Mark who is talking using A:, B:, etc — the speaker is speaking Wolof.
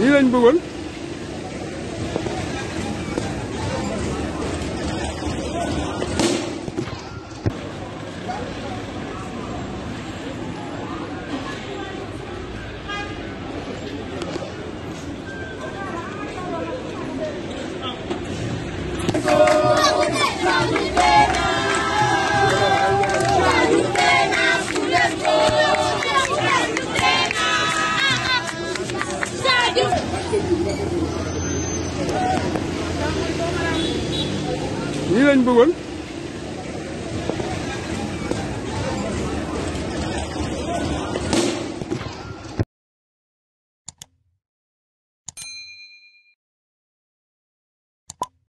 A: lii lañ bëggoon ñi lañ bëggoon